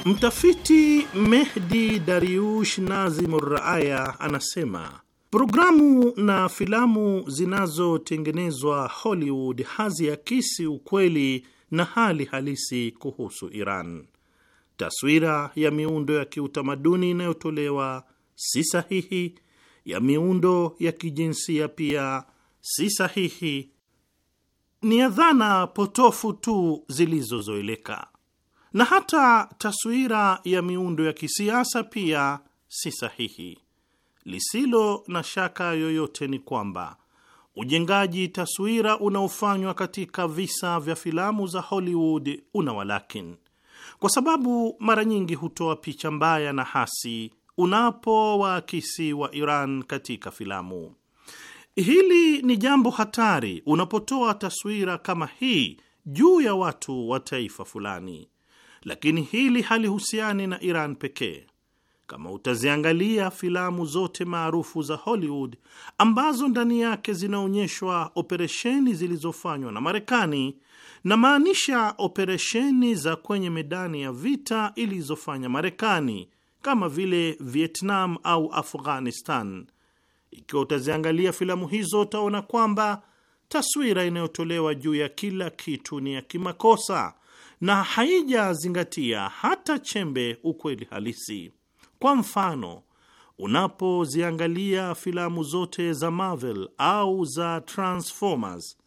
Mtafiti Mehdi Dariush Nazimur Raaya anasema Programu na filamu zinazotengenezwa Hollywood haziakisi ukweli na hali halisi kuhusu Iran. Taswira ya miundo ya kiutamaduni inayotolewa si sahihi, ya miundo ya kijinsia pia si sahihi, ni ya dhana potofu tu zilizozoeleka, na hata taswira ya miundo ya kisiasa pia si sahihi. Lisilo na shaka yoyote ni kwamba ujengaji taswira unaofanywa katika visa vya filamu za Hollywood una walakin, kwa sababu mara nyingi hutoa picha mbaya na hasi unapowaakisi wa Iran katika filamu. Hili ni jambo hatari unapotoa taswira kama hii juu ya watu wa taifa fulani, lakini hili halihusiani na Iran pekee kama utaziangalia filamu zote maarufu za Hollywood ambazo ndani yake zinaonyeshwa operesheni zilizofanywa na Marekani, na maanisha operesheni za kwenye medani ya vita ilizofanya Marekani kama vile Vietnam au Afghanistan. Ikiwa utaziangalia filamu hizo, utaona kwamba taswira inayotolewa juu ya kila kitu ni ya kimakosa na haijazingatia hata chembe ukweli halisi. Kwa mfano, unapoziangalia filamu zote za Marvel au za Transformers,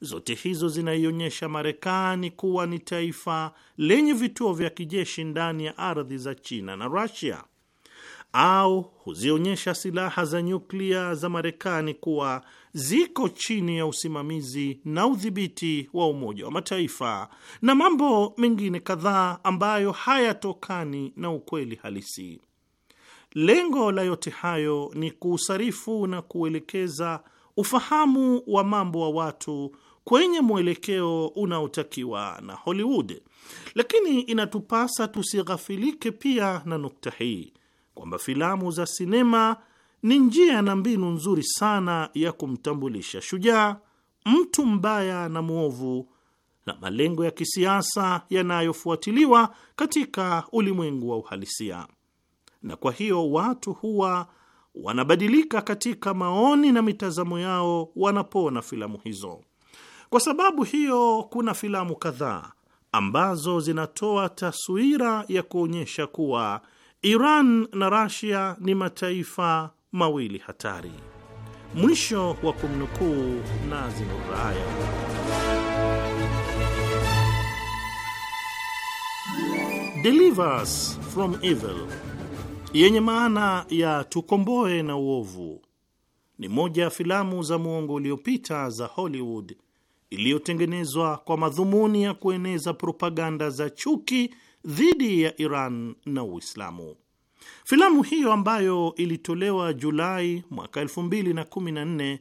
zote hizo zinaionyesha Marekani kuwa ni taifa lenye vituo vya kijeshi ndani ya ardhi za China na Russia, au huzionyesha silaha za nyuklia za Marekani kuwa ziko chini ya usimamizi na udhibiti wa Umoja wa Mataifa na mambo mengine kadhaa ambayo hayatokani na ukweli halisi. Lengo la yote hayo ni kuusarifu na kuelekeza ufahamu wa mambo wa watu kwenye mwelekeo unaotakiwa na Hollywood. Lakini inatupasa tusighafilike pia na nukta hii kwamba filamu za sinema ni njia na mbinu nzuri sana ya kumtambulisha shujaa, mtu mbaya na mwovu, na malengo ya kisiasa yanayofuatiliwa katika ulimwengu wa uhalisia na kwa hiyo watu huwa wanabadilika katika maoni na mitazamo yao wanapoona filamu hizo. Kwa sababu hiyo, kuna filamu kadhaa ambazo zinatoa taswira ya kuonyesha kuwa Iran na Russia ni mataifa mawili hatari. Mwisho wa kumnukuu Nazimu from evil yenye maana ya tukomboe na uovu ni moja ya filamu za muongo uliopita za Hollywood iliyotengenezwa kwa madhumuni ya kueneza propaganda za chuki dhidi ya Iran na Uislamu. Filamu hiyo ambayo ilitolewa Julai mwaka 2014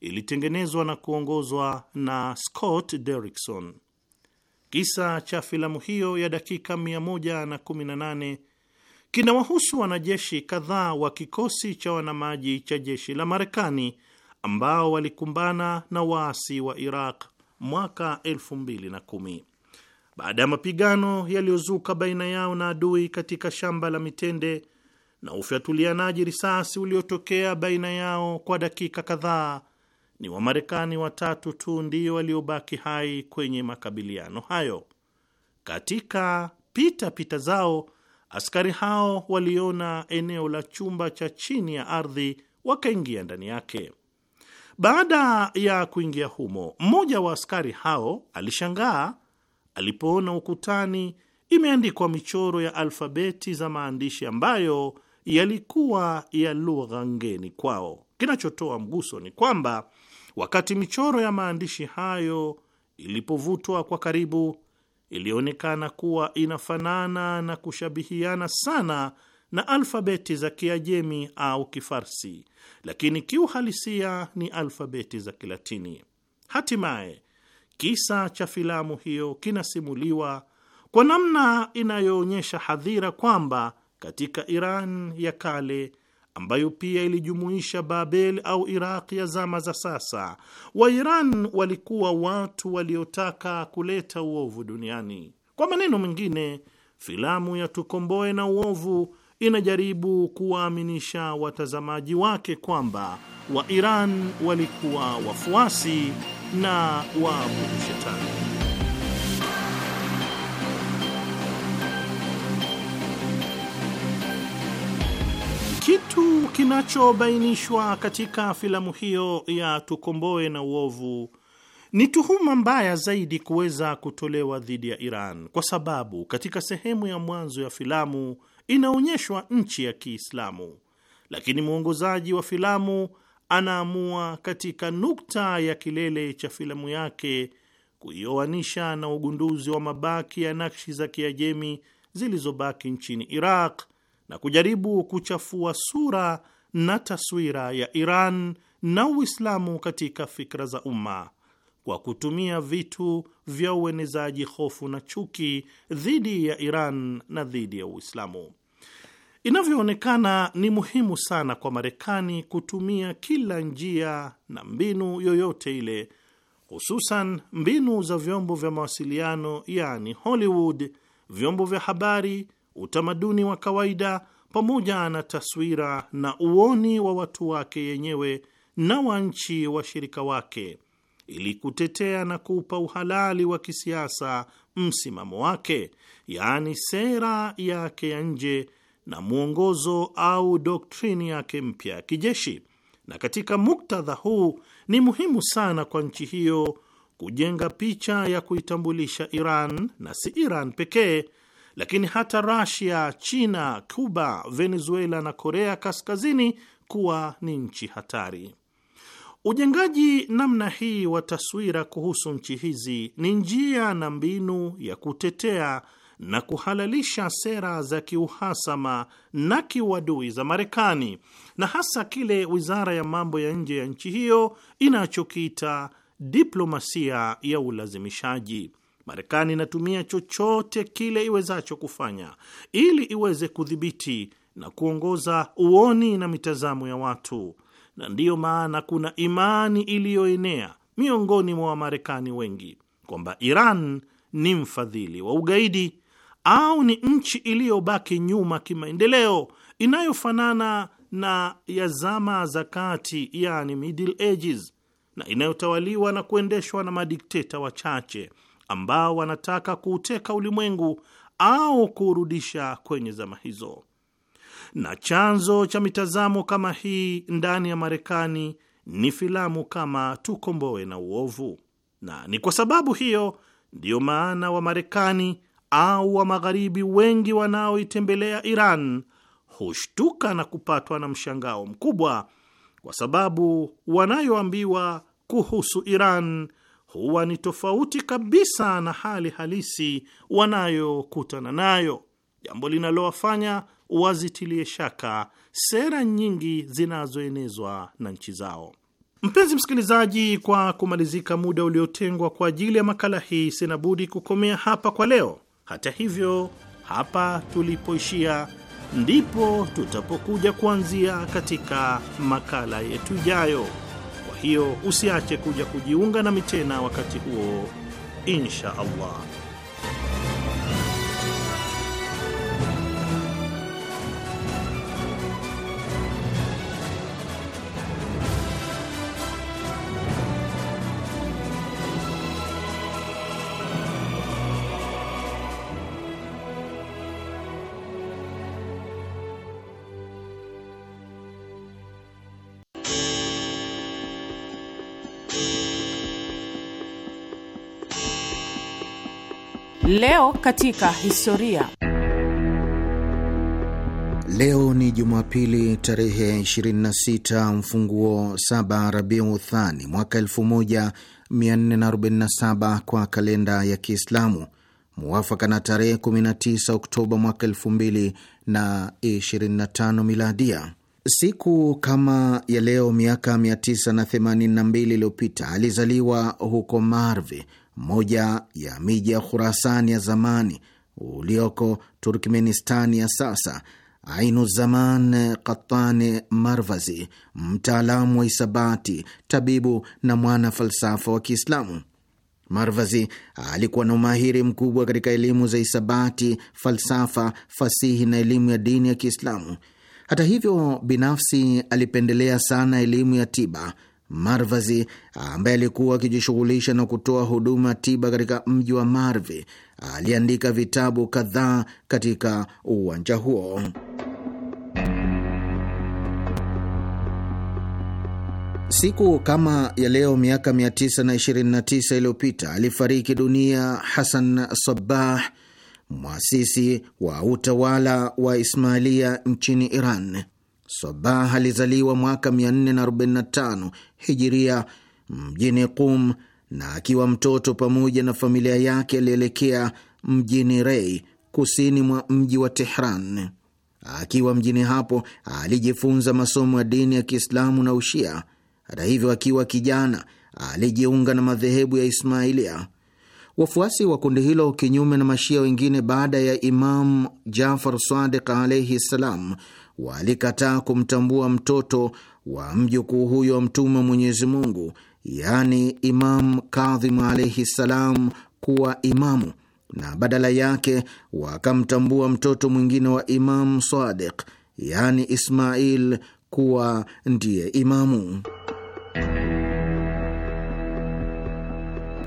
ilitengenezwa na kuongozwa na Scott Derrickson. Kisa cha filamu hiyo ya dakika 118 kinawahusu wanajeshi kadhaa wa kikosi cha wanamaji cha jeshi la Marekani ambao walikumbana na waasi wa Iraq mwaka 2010 baada ya mapigano yaliyozuka baina yao na adui katika shamba la mitende na ufyatulianaji risasi uliotokea baina yao kwa dakika kadhaa. Ni Wamarekani watatu tu ndio waliobaki hai kwenye makabiliano hayo. Katika pita pita zao Askari hao waliona eneo la chumba cha chini ya ardhi, wakaingia ndani yake. Baada ya kuingia humo, mmoja wa askari hao alishangaa alipoona ukutani imeandikwa michoro ya alfabeti za maandishi ambayo yalikuwa ya lugha ngeni kwao. Kinachotoa mguso ni kwamba wakati michoro ya maandishi hayo ilipovutwa kwa karibu, ilionekana kuwa inafanana na kushabihiana sana na alfabeti za Kiajemi au Kifarsi, lakini kiuhalisia ni alfabeti za Kilatini. Hatimaye kisa cha filamu hiyo kinasimuliwa kwa namna inayoonyesha hadhira kwamba katika Iran ya kale ambayo pia ilijumuisha Babel au Iraq ya zama za sasa, Wairan walikuwa watu waliotaka kuleta uovu duniani. Kwa maneno mengine, filamu ya Tukomboe na Uovu inajaribu kuwaaminisha watazamaji wake kwamba Wairan walikuwa wafuasi na waabudu shetani. Kitu kinachobainishwa katika filamu hiyo ya Tukomboe na Uovu ni tuhuma mbaya zaidi kuweza kutolewa dhidi ya Iran, kwa sababu katika sehemu ya mwanzo ya filamu inaonyeshwa nchi ya Kiislamu, lakini mwongozaji wa filamu anaamua katika nukta ya kilele cha filamu yake kuioanisha na ugunduzi wa mabaki ya nakshi za Kiajemi zilizobaki nchini Iraq na kujaribu kuchafua sura na taswira ya Iran na Uislamu katika fikra za umma kwa kutumia vitu vya uenezaji hofu na chuki dhidi ya Iran na dhidi ya Uislamu. Inavyoonekana ni muhimu sana kwa Marekani kutumia kila njia na mbinu yoyote ile, hususan mbinu za vyombo vya mawasiliano, yaani Hollywood, vyombo vya habari utamaduni wa kawaida, pamoja na taswira na uoni wa watu wake yenyewe na wa nchi washirika wake, ili kutetea na kuupa uhalali wa kisiasa msimamo wake, yaani sera yake ya nje na mwongozo au doktrini yake mpya ya kijeshi. Na katika muktadha huu ni muhimu sana kwa nchi hiyo kujenga picha ya kuitambulisha Iran na si Iran pekee lakini hata rasia China, Cuba, Venezuela na Korea Kaskazini kuwa ni nchi hatari. Ujengaji namna hii wa taswira kuhusu nchi hizi ni njia na mbinu ya kutetea na kuhalalisha sera za kiuhasama na kiuadui za Marekani na hasa kile wizara ya mambo ya nje ya nchi hiyo inachokiita diplomasia ya ulazimishaji. Marekani inatumia chochote kile iwezacho kufanya ili iweze kudhibiti na kuongoza uoni na mitazamo ya watu, na ndiyo maana kuna imani iliyoenea miongoni mwa Wamarekani wengi kwamba Iran ni mfadhili wa ugaidi au ni nchi iliyobaki nyuma kimaendeleo inayofanana na ya zama za kati, yani Middle Ages, na inayotawaliwa na kuendeshwa na madikteta wachache ambao wanataka kuuteka ulimwengu au kuurudisha kwenye zama hizo. Na chanzo cha mitazamo kama hii ndani ya Marekani ni filamu kama Tukomboe na Uovu, na ni kwa sababu hiyo ndiyo maana Wamarekani au wa Magharibi wengi wanaoitembelea Iran hushtuka na kupatwa na mshangao mkubwa, kwa sababu wanayoambiwa kuhusu Iran huwa ni tofauti kabisa na hali halisi wanayokutana nayo, jambo linalowafanya wazitilie shaka sera nyingi zinazoenezwa na nchi zao. Mpenzi msikilizaji, kwa kumalizika muda uliotengwa kwa ajili ya makala hii, sina budi kukomea hapa kwa leo. Hata hivyo, hapa tulipoishia ndipo tutapokuja kuanzia katika makala yetu ijayo hiyo usiache kuja kujiunga nami tena wakati huo, insha Allah. Leo katika historia. Leo ni Jumapili tarehe 26 mfunguo 7 Rabiu Thani mwaka 1447 kwa kalenda ya Kiislamu, muwafaka na tarehe 19 Oktoba mwaka 2025 miladia. Siku kama ya leo miaka 982 iliyopita alizaliwa huko Marvi moja ya miji ya Khurasani ya zamani ulioko Turkmenistani ya sasa, Ainu Zaman Katani Marvazi, mtaalamu wa hisabati, tabibu na mwana falsafa wa Kiislamu. Marvazi alikuwa na umahiri mkubwa katika elimu za hisabati, falsafa, fasihi na elimu ya dini ya Kiislamu. Hata hivyo, binafsi alipendelea sana elimu ya tiba Marvazi ambaye alikuwa akijishughulisha na kutoa huduma tiba katika mji wa Marvi aliandika vitabu kadhaa katika uwanja huo. Siku kama ya leo miaka 929 iliyopita alifariki dunia Hasan sabah mwasisi wa utawala wa Ismailia nchini Iran. Sabah alizaliwa mwaka 445 hijiria mjini Qum, na akiwa mtoto pamoja na familia yake alielekea mjini Rei, kusini mwa mji wa Tehran. Akiwa mjini hapo alijifunza masomo ya dini ya Kiislamu na Ushia. Hata hivyo, akiwa kijana alijiunga na madhehebu ya Ismailia. Wafuasi wa kundi hilo, kinyume na mashia wengine, baada ya Imam Jafar Sadiq alaihi ssalam, walikataa kumtambua mtoto wa mjukuu huyo wa Mtume Mwenyezi Mungu, yaani Imamu Kadhimu alaihi ssalam, kuwa imamu na badala yake wakamtambua mtoto mwingine wa Imamu Sadiq, yaani Ismail, kuwa ndiye imamu.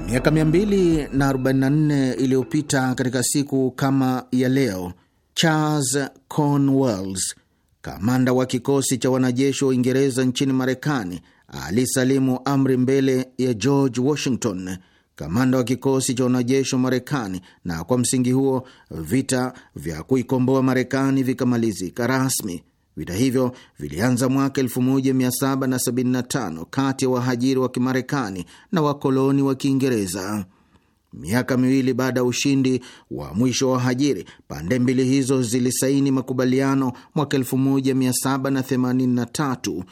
Miaka 244 iliyopita katika siku kama ya leo, Charles Cornwells Kamanda wa kikosi cha wanajeshi wa Uingereza nchini Marekani alisalimu amri mbele ya George Washington, kamanda wa kikosi cha wanajeshi wa Marekani, na kwa msingi huo vita vya kuikomboa Marekani vikamalizika rasmi. Vita hivyo vilianza mwaka 1775 kati ya wahajiri wa Kimarekani na wakoloni wa Kiingereza. Miaka miwili baada ya ushindi wa mwisho wa Hajiri, pande mbili hizo zilisaini makubaliano mwaka 1783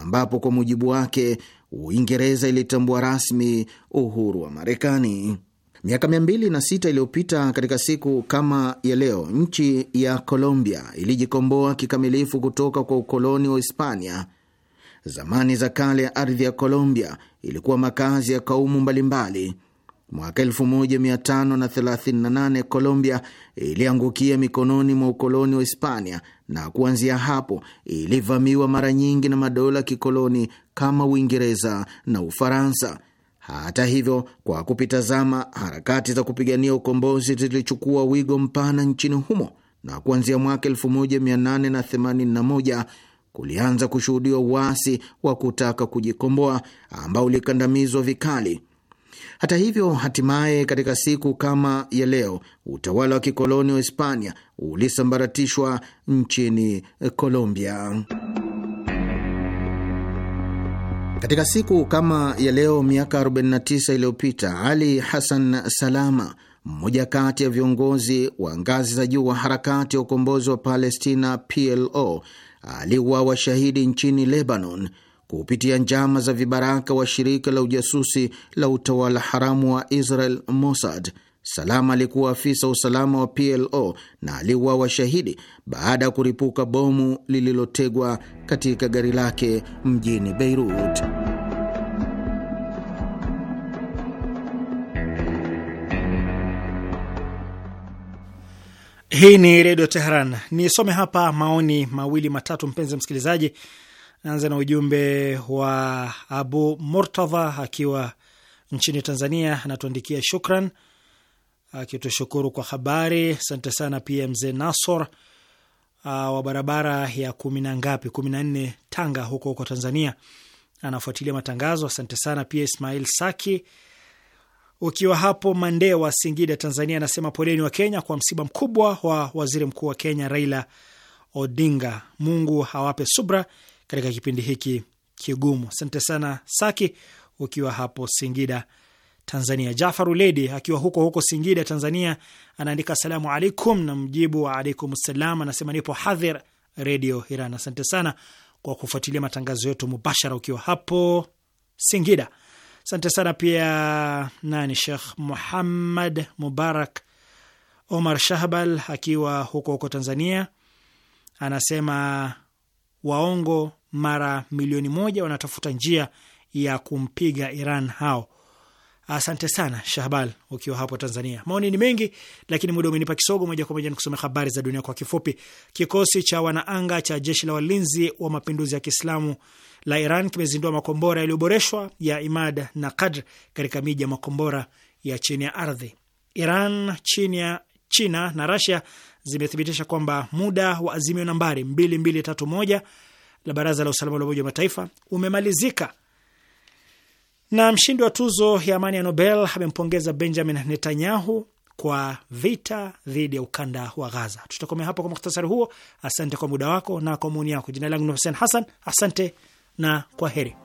ambapo kwa mujibu wake Uingereza ilitambua rasmi uhuru wa Marekani. Miaka mia mbili na sita iliyopita katika siku kama ya leo, nchi ya Colombia ilijikomboa kikamilifu kutoka kwa ukoloni wa Hispania. Zamani za kale, ya ardhi ya Colombia ilikuwa makazi ya kaumu mbalimbali. Mwaka 1538 Colombia iliangukia mikononi mwa ukoloni wa Hispania na kuanzia hapo ilivamiwa mara nyingi na madola kikoloni kama Uingereza na Ufaransa. Hata hivyo, kwa kupitazama, harakati za kupigania ukombozi zilichukua wigo mpana nchini humo na kuanzia mwaka 1881 kulianza kushuhudiwa uasi wa kutaka kujikomboa ambao ulikandamizwa vikali hata hivyo, hatimaye katika siku kama ya leo utawala wa kikoloni wa Hispania ulisambaratishwa nchini Colombia. Katika siku kama ya leo miaka 49 iliyopita Ali Hassan Salama, mmoja kati ya viongozi wa ngazi za juu wa harakati ya ukombozi wa Palestina PLO, aliuawa shahidi nchini Lebanon kupitia njama za vibaraka wa shirika la ujasusi la utawala haramu wa Israel, Mossad. Salama alikuwa afisa usalama wa PLO na aliuawa shahidi baada ya kuripuka bomu lililotegwa katika gari lake mjini Beirut. Hii ni Redio Teheran. Nisome hapa maoni mawili matatu, mpenzi msikilizaji Naanza na ujumbe wa Abu Murtadha akiwa nchini Tanzania, anatuandikia shukran, akitushukuru kwa habari. Asante sana pia mzee Nasor uh, wa barabara ya kumi na ngapi, kumi na nne, Tanga huko huko Tanzania, anafuatilia matangazo. Asante sana pia Ismail Saki ukiwa hapo Mande wa Singida, Tanzania, anasema poleni wa Kenya kwa msiba mkubwa wa waziri mkuu wa Kenya Raila Odinga. Mungu awape subra katika kipindi hiki kigumu. Asante sana Saki ukiwa hapo Singida, Tanzania. Jafar Uledi akiwa huko huko Singida, Tanzania, anaandika asalamu alaikum, na mjibu wa alaikum salam. Anasema nipo hadhir Redio Iran. Asante sana kwa kufuatilia matangazo yetu mubashara ukiwa hapo Singida. Asante sana pia nani, Shekh Muhammad Mubarak Omar Shahbal akiwa huko huko Tanzania, anasema waongo mara milioni moja wanatafuta njia ya kumpiga Iran hao. Asante sana Shahbal, ukiwa hapo Tanzania. Maoni ni mengi, lakini muda umenipa kisogo. Moja kwa moja ni kusomea habari za dunia kwa kifupi. Kikosi cha wanaanga cha jeshi la walinzi wa mapinduzi ya Kiislamu la Iran kimezindua makombora yaliyoboreshwa ya Imad na Qadr katika miji ya makombora ya chini ya ardhi. Iran, chini ya China na Rasia zimethibitisha kwamba muda wa azimio nambari 2231 la Baraza la Usalama la Umoja wa Mataifa umemalizika. Na mshindi wa tuzo ya amani ya Nobel amempongeza Benjamin Netanyahu kwa vita dhidi ya ukanda wa Gaza. Tutakomea hapo kwa muhtasari huo. Asante kwa muda wako na kwa maoni yako. Jina langu ni Hussein Hassan, asante na kwa heri.